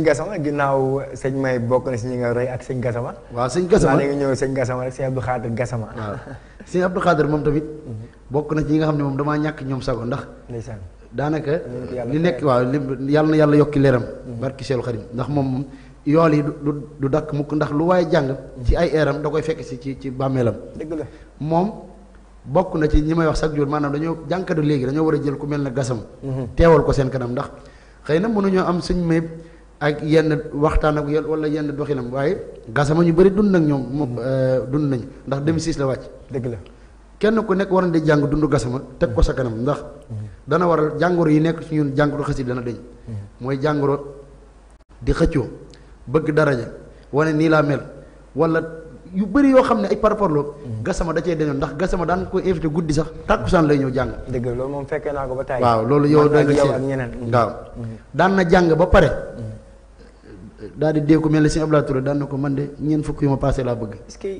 sëñ Gassama ginnaaw sëñ May bokk na si ñi nga roy ak sëñ Gassama. waaw sëñ Gassama nga ñëw sëñ Gassama rek sëñ Abdou moom tamit. bokk na ci ñi nga xam ne moom dama ñàkk ñoom sago ndax. ndeysaan daanaka. li nekk waa li yàlla na yàlla yokki leeram. Mhm. barki Seelu Xadim ndax moom yool yi du du dakk mukk ndax lu waaye jàng. ci ay eeram da koy fekk si ci ci bàmmeelam. dëgg la moom bokk na ci ñi may wax chaque jour maanaam dañoo jànkatu léegi dañoo war a jël ku mel ne Gassama. Mhm. teewal ko seen kanam ndax xëy na am sëñ May ak yenn waxtaan ak yenn wala yenn doxinam waaye gasama ñu bëri dund nag ñoom moom mm. euh, dund nañ ndax 2006 la wàcc. dëgg la kenn ku nekk waral na di jàng dund gasama teg ko sa mm. kanam ndax mm. dana waral jàngoro yi nekk ci ñun jàngoro xasida dana deñ mooy jàngoro di xëccoo bëgg daraja wane nii laa mel wala yu bëri yoo xam ne ay parparloo gasama da cee deñoon ndax gasama daan ko invité guddi sax tàkkusaan lay ñëw jàng. dëgg la loolu fekkee naa ko ba waaw loolu yow da nga see waaw daan na jàng ba pare. daal di dee ko mel ne si Abdoulaye Touré daan man de ñeent fukk yu ma passé laa bëgg.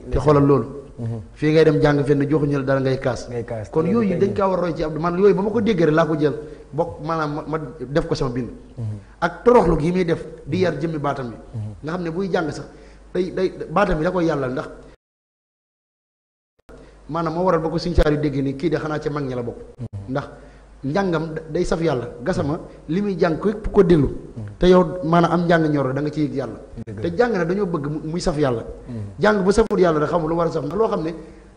te xoolal loolu. Mhm. fii ngay dem jàng fenn joxuñu la dara ngay kaas. kon yooyu dañ kaa war a roy ci Abdou man yooyu ba ma ko déggee rek laa ko jël bokk maanaam ma def ko sama bind. Mhm. ak toroxlu gi muy def di yar jëmmi baatam bi. Mhm. nga xam ne buy jàng sax day day baatam bi da koy yàllal ndax. maanaam moo waral ba ko suñu saar yu dégg nii kii de xanaa ca mag ña la bokk. ndax. njàngam day saf yàlla gasama li muy jàng képp ko dellu te yow maanaam am njàng ñor la da nga ci yëg yàlla te jàng na dañoo bëgg muy saf yàlla mm. jàng bu saful yàlla da xamul lu war a saf loo xam ne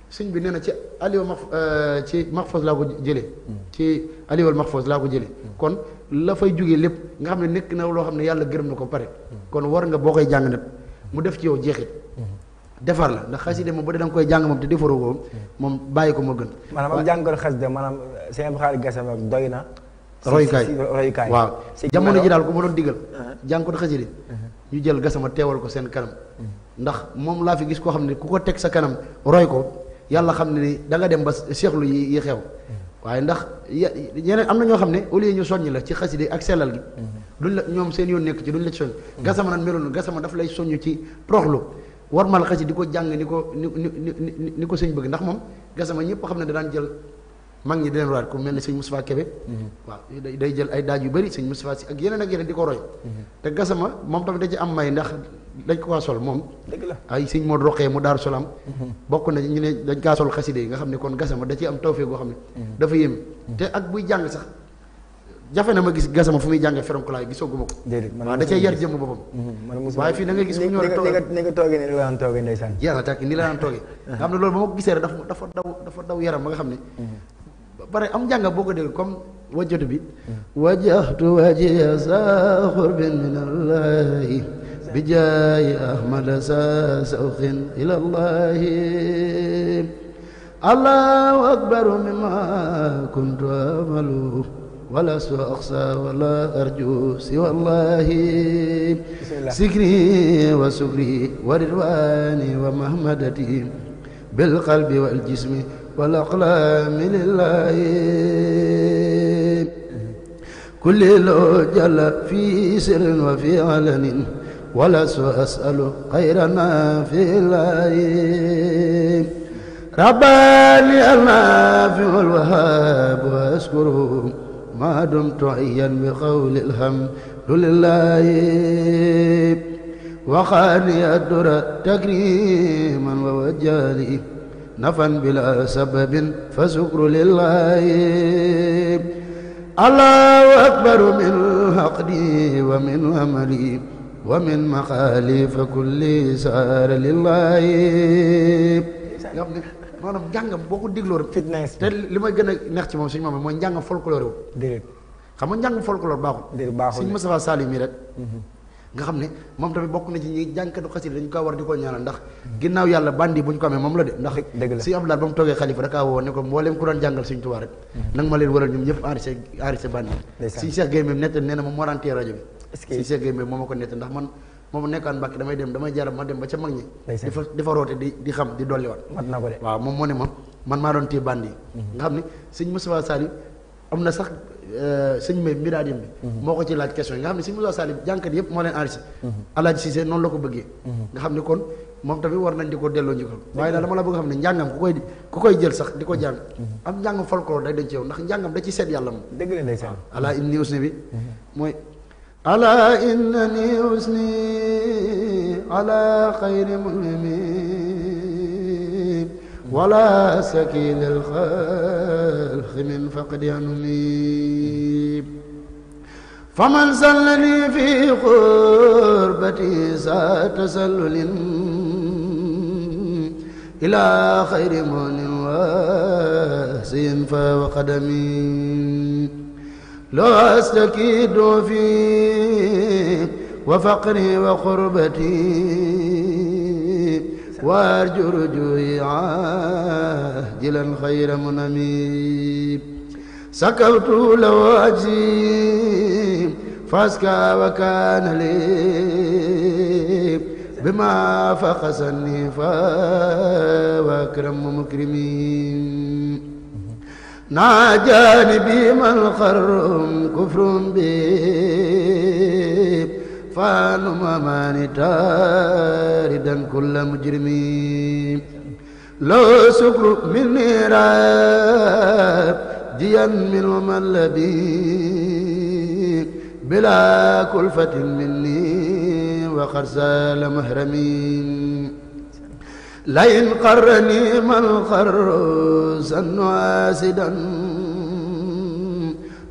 sëñ bi nee na ci aliwa ma euh, ci maxfos laa ko jëlee mm. ci aliwal maxfos laa ko jëlee mm. kon la fay jógee lépp nga xam ne nekk na loo xam ne yàlla gërëm na ko pare kon war nga boo koy jàng nag mu def ci yow jeexit defar la ndax xasida moom bu dee da nga koy jàng moom te defaroo ko moom bàyyi ko moo gën. maanaam am jàngoon xasida maanaam seen xaar gasam ak doy na. royukaay royukaay waaw. jamono ji daal ku ma doon digal. Uh-huh. jàngoon xasida uh-huh. ñu jël gasama teewal ko seen kanam. Uh-huh. ndax moom laa fi gis koo xam ne ku ko teg sa kanam roy ko yàlla xam ne ni da dem ba seexlu yi xew. waaye ndax yeneen am na ñoo xam ne au lieu ñu soññ la ci xasida ak sellal gi. duñ la ñoom seen yoon nekk ci duñ la ci soññ. gasama nag melul gasama daf lay soññ ci proxlu warmal xasi di ko jàng ni ko ni ni ni ko sëñ bëgg ndax moom gasama ñëpp xam ne daan jël mag ñi di leen royaat ku mel ne sëñ Moustapha Kébé mm-hmm. waaw day day jël ay daaj yu bëri sëñ Moustapha si ak yeneen ak yeneen di ko roy mm-hmm. te gasama moom tamit da ci am may ndax dañ ko kaa sol moom dëgg la ay sëñ moo roqee mu daaru salaam mm-hmm. bokk na ñu ne dañ kaa sol xaside yi nga xam ne kon gasama da ci am tawfeex goo xam ne dafa yéeme te ak buy jàng sax jafe na ma gis gasama fu muy jàngee feronkulaay gisaguma ko. déedéet da cee yar jëmm boppam. Mhm, waaye fii da nga gis. ni nga ni nga toogee ni la daan toogee ni la daan nga xam ne loolu ba ma ko gisee rek dafa dafa daw dafa daw yaram ba nga xam ne. Mhm. ba pare am njànga boo ko dégg comme wajjatu bi. Mhm. wajjahtu wajhiya saa xurbin minallaahi bi jaayi ahmada saa sawqin ilallaahi allahu akbaru mimma kuntu amalu ولا أخصى ولا أرجو سوى الله سكري وسكري ورضواني ومحمدتي بالقلب والجسم والأقلام لله كل لو جل في سر وفي علن ولا أسأل خير ما في الله رباني أنا في الوهاب وأشكره ما دمت حيا بقول الحمد لله وخاني الدر تكريما ووجالي نفا بلا سبب فشكر لله الله أكبر من حقدي ومن عملي ومن مقالي فكل سار لله maanaam njàngam boo ko dégloo te li may gën a neex ci moom suñu moom mooy njàngam folklore wu. xam nga njàngam folklore baaxul. déedéet baaxul suñu Moustapha Saliou mi mhm. nga xam ne moom tamit bokk na ci ñi jànkatu xasida dañu ko war di ko ñaanal ku doon jàngal suñu Tuubaa rek mhm. nanga ma leen waral ñoom ñëpp enrichir enrichir bandi suñu Cheikh Gueye mi nett nee moom moo rajo bi suñu Cheikh Gueye moom ma ko nett ndax man moom nekkaan Mbàkke damay dem damay jaram ma dem ba ca mag ñi difa di fa roote di di xam di dolliwaat waaw moom moo ne ma man maa doon téye band yi mhm. nga xam ne sëñ Moustapha Sali am na sax euh, sëñ may miraadiyam bi mhm. moo ko ci laaj question yi xam ne sëñ Moustapha Sali jànkat yëpp moo leen enrichi mhm. Alaaji Cissé noonu la ko bëggee nga xam ne kon moom tamit war nañ di ko delloo njukkal waaye daal dama la bëgg xam ne njàngam ku koy ku koy jël sax ko jàng am njàngam folklore day da ci seet yàlla moom dëgg la ndeysaan alaa im ni usne bi mooy ألا إنني أسني على خير ملمي ولا سكين الخلق من فقد ينمي فمن سلني في قربتي ساء تسلل إلى خير من واسع فوقدمي لا أستكيد فيك وفقري وقربتي وأرجو رجوعي عاجلا خير منمي سكوت له أجزي فاسكى وكان لي بما فخسني فأكرم مكرمين ناجاني بما الخرم كفر بي فانما ماني تاردا كل مجرمين لو سكر من نيراب ديا منه من لبي بلا كلفة مني وخرسال محرمين لئن قرني ما القر سن واسدا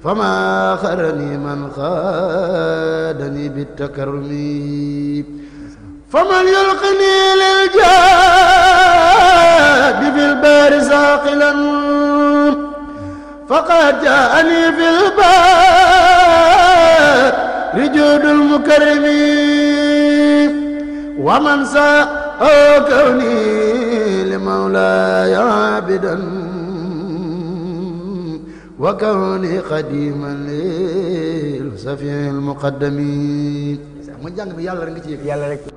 فما قرني من خادني بالتكرم فمن يلقني للجاد بالبار ساقلا فقد جاءني في البار رجود المكرم ومن ساق أو كوني لمولاي عابدا وكوني قديما للسفيع المقدم. mu jàng bi yàlla rek nga ci yëg yàlla rek.